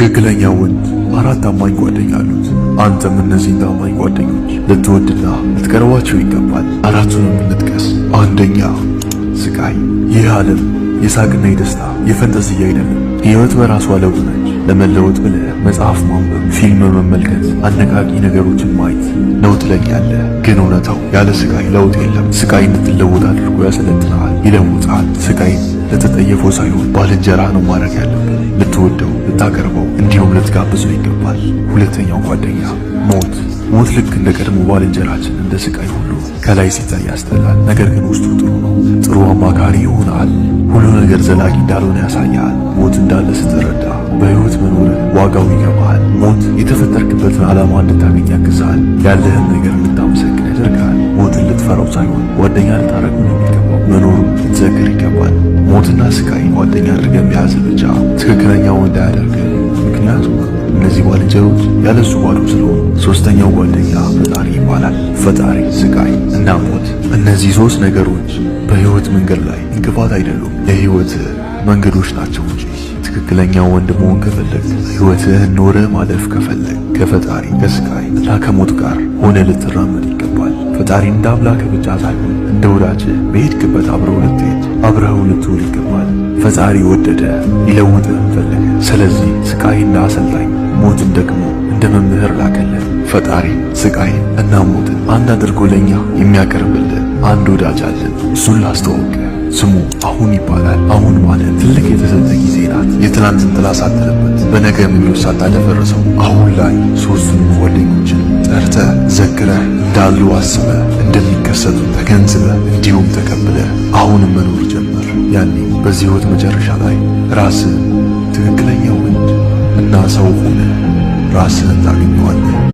ትክክለኛ ወንድ አራት ታማኝ ጓደኛ አሉት። አንተም እነዚህን ታማኝ ጓደኞች ልትወድና ልትቀርባቸው ይገባል። አራቱንም እንጥቀስ። አንደኛ ስቃይ። ይህ ዓለም የሳቅና የደስታ የፈንጠዝያ አይደለም። ሕይወት በራሷ ለውጥ ነች። ለመለወጥ ብለ መጽሐፍ ማንበብ፣ ፊልም መመልከት፣ አነቃቂ ነገሮችን ማየት ነው ያለ ግን እውነታው ያለ ስቃይ ለውጥ የለም። ስቃይ እንድትለወጥ አድርጎ ያሰለጥናል፣ ይለውጣል። ስቃይን ለተጠየፈው ሳይሆን ባልንጀራ ነው ማድረግ ያለው ልትወደው ልታቀርበው እንዲሁም ልትጋብዘው ይገባል። ሁለተኛው ጓደኛ ሞት። ሞት ልክ እንደ ቀድሞ ባልንጀራችን እንደ ስቃይ ሁሉ ከላይ ሲታይ ያስጠላል። ነገር ግን ውስጡ ጥሩ ነው። ጥሩ አማካሪ ይሆናል። ሁሉ ነገር ዘላቂ እንዳልሆነ ያሳያል። ሞት እንዳለ ስትረዳ በሕይወት መኖር ዋጋው ይገባል። ሞት የተፈጠርክበትን ዓላማ እንድታገኝ ያግዛል። ያለህን ነገር እንድታመሰግን ያደርጋል። ሞትን ልትፈራው ሳይሆን ጓደኛ ልታረግ ነው የሚገባው። ሞትና ስቃይ ጓደኛ አድርገን መያዝ ብቻ ወንድ እንዳያደርገን። ምክንያቱም እነዚህ ባልንጀሮች ያለሱ ባሉ ስለሆኑ፣ ሶስተኛው ጓደኛ ፈጣሪ ይባላል። ፈጣሪ፣ ስቃይ እና ሞት፣ እነዚህ ሶስት ነገሮች በህይወት መንገድ ላይ እንቅፋት አይደሉም፣ የህይወት መንገዶች ናቸው እንጂ ትክክለኛ ወንድ መሆን ከፈለግ ህይወትህን ኖረ ማለፍ ከፈለግ ከፈጣሪ ከስቃይ እና ከሞት ጋር ሆነ ልትራመድ ይገባል። ፈጣሪ እንደ አምላክ ብቻ ሳይሆን እንደ ወዳጅህ በሄድክበት አብረው ልትሄድ አብረኸው ልትውል ይገባል። ፈጣሪ ወደደ ሊለውጥህም ፈለገ። ስለዚህ ስቃይና አሰልጣኝ ሞትን ደግሞ እንደ መምህር ላከለን። ፈጣሪ ስቃይን እና ሞትን አንድ አድርጎ ለእኛ የሚያቀርብልን አንድ ወዳጅ አለን። እሱን ላስተዋውቅ፣ ስሙ አሁን ይባላል። አሁን ማለት ትልቅ የተሰጠ ጊዜ ናት። የትናንትን ጥላ ሳትጥልበት፣ በነገ ምኞት ሳታደፈርሰው አሁን ላይ ሦስቱንም ጓደኞች እንዳሉ አስበ እንደሚከሰቱ ተገንዝበ እንዲሁም ተቀብለ አሁን መኖር ጀመር። ያኔ በዚህ ሕይወት መጨረሻ ላይ ራስህን ትክክለኛ ወንድ እና ሰው ሆነ ራስህን ታገኘዋለህ።